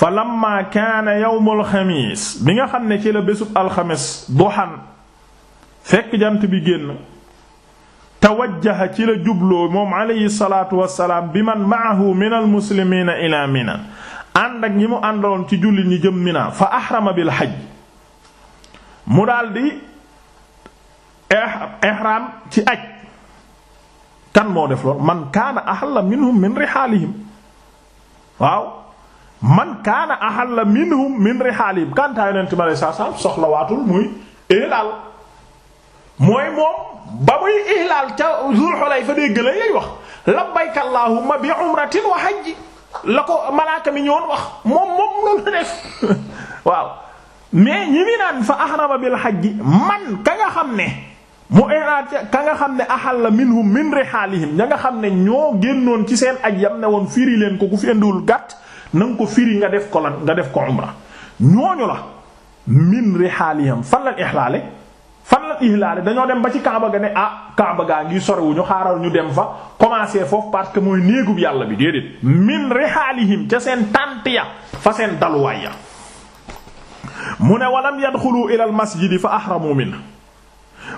fa lamma kaana yawmul xamiis bi nga xam ne ci la bésub alxames duhan fekk jant bi génn tawajjaha ci la jubloo moom alayhi salaatu wassalaam bi man maahu min almuslimiina ila mina ànd ak ñi mu àndaloon ci jullit ñi jëm mina fa ahrama bil hajj mu daldi eh, ihraam ci aj kan moo def lool man kaana ahalla minhum min rihaalihim waaw man kaana ahalla minhum min rihaalihim kantaa yonent bi alei sat selaam soxlawaatul muy ihlaal mooy moom ba muy ihlaal ca Zul Hulayfa dégg la yoy wax labbayka allahumma bi umratin wa hajji la ko malaaka mi ñëwoon wax moom moom loolu def waaw mais ñi mi naan fa ahrama bil man ka nga xam ne mu ihlaal ca ka nga xam ne ahalla minhum min rihaalihim ña nga xam ne ñoo génnoon ci seen aj yam ne woon firi leen ko ku fi indiwul gàtt na nga ko firi nga def ko lan nga def ko umra ñooñu la min rihaaliham fan la ihlaale fan la ihlaale dañoo dem ba ci Kaaba ga ne ah Kaaba gaa ngi sorewuñu xaaral ñu dem fa commencer foofu parce que mooy néegub yàlla bi déedéet min rihaalihim ca seen tànt ya fa seen daluwaay ya mu ne walam yadxulu ila al masjidi fa ahramu min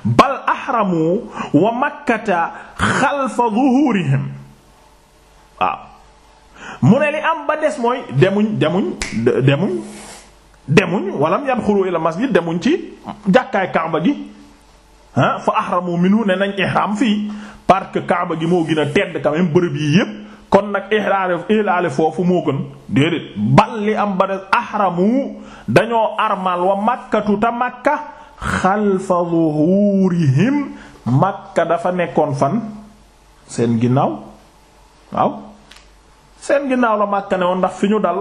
bal ahramu wa makkata xalfa zuhurihim waaw ah. mu ne li am ba des mooy demuñ demuñ demuñ demuñ walam yadxulu ila masjid demuñ ci jàkkaay kaaba gi ah fa ahramu minhu ne nañ ihram fii parce que kaaba gi moo gën a tedd quand bërëb yi yépp kon nag ihlaale ihlaale foofu moo gën déedéet bal li am ba des ahramu dañoo armal wa makkatu ta makka xalfa zuhurihim makka dafa nekkoon fan seen ginnaaw waaw seen ginnaaw la Makka ne woon ndax fi ñu dal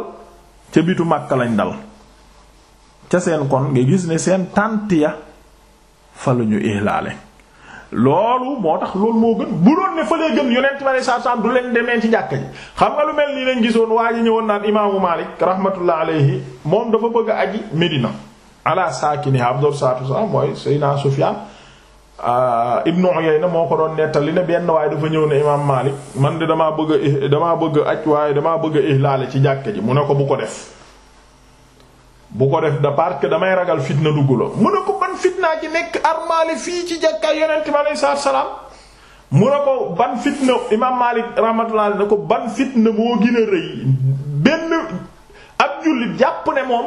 ca bitu Makka lañ dal ca seen kon nga gis ni seen tànt ya fa la ñu loolu moo tax loolu moo gën bu doon ne fa lay gën yonent ma ne saab-saab du leen demee ci jàkka ji xam nga lu mel nii lañ gisoon waa ji ñëwoon naan imaamu Maalik rahmatullah alayhi moom dafa bëgg a aji Medina ala saakini abdor satu sa mooy Seydina Sufyaan Euh, Ibnu na moo ko doon nettali ne benn waaye dafa ñëw ne imaam Maalik man de damaa bëgg a damaa bëgg a aj waaye damaa bëgg a ihlaale ci jàkke ji mu ne ko bu ko def bu ko def da parce damay ragal fitna dugg la mu ne ko ban ci nekk armaale fii ci jàkkaay yonent bi aleyhi salaatu salaam mu ne ko ban fitna imaam Maalik rahmatullahi ne ko ban fitna moo gën a rëy benn ab jullit jàpp ne moom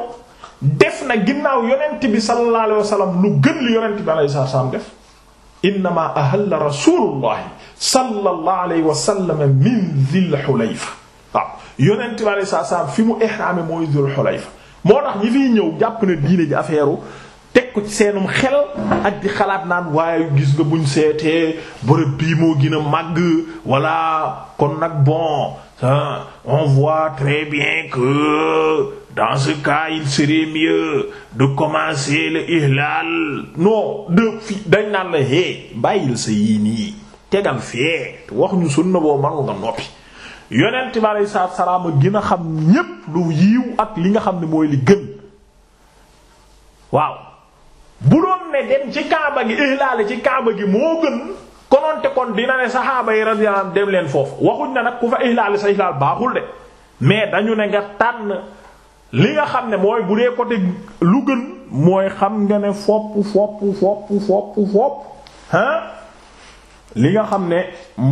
def na ginnaaw yonent bi sallallahu alayhi wasallam lu gën li yonent bi aleyhi salaam def innama ahalla rasulullahi sallallahu alayhi wa sallam min Dhil Hulayfa waaw yonent bi alayhi salaam fi mu ihraam mooy Dhul Hulayfa moo tax ñi fiy ñëw jàpp na diine ji affaire ko ci seenum xel ak di xalaat naan waaye gis nga buñ seetee bërëb bii moo gin a màgg voilà kon nag bon on voit très bien que dans ce cas il serait mieux de commencer le ihlal non de fi dañ naan la hé bàyyil sa yii nii tegal fee wax ñu sunna boo manu nga noppi yonent bi aleyhi salaatu salaam a gën a xam ñépp lu yiw ak li nga xam ne mooy li gën waaw bu doon ne dem ci kaaba gi ihlaale ci kaaba gi moo gën kononte kon dina ne saxaaba yi radiyallahu anhum dem leen foofu waxuñ na nag ku fa ihlaale sa ihlaal baaxul de mais dañu ne nga tànn li nga xam ne mooy bu dee lu gën mooy xam nga ne fopp fopp li nga xam ne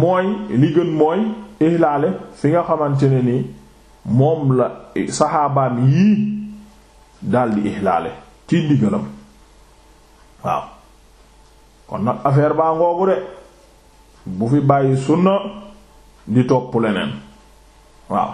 mooy li gën mooy ihlaale fi nga xamante ne nii moom la saxaabaan yii daldi ihlaale ci ndigalam waaw kon nag affaire baa ngoogu de bu fi bàyyi sunna di topp leneen waaw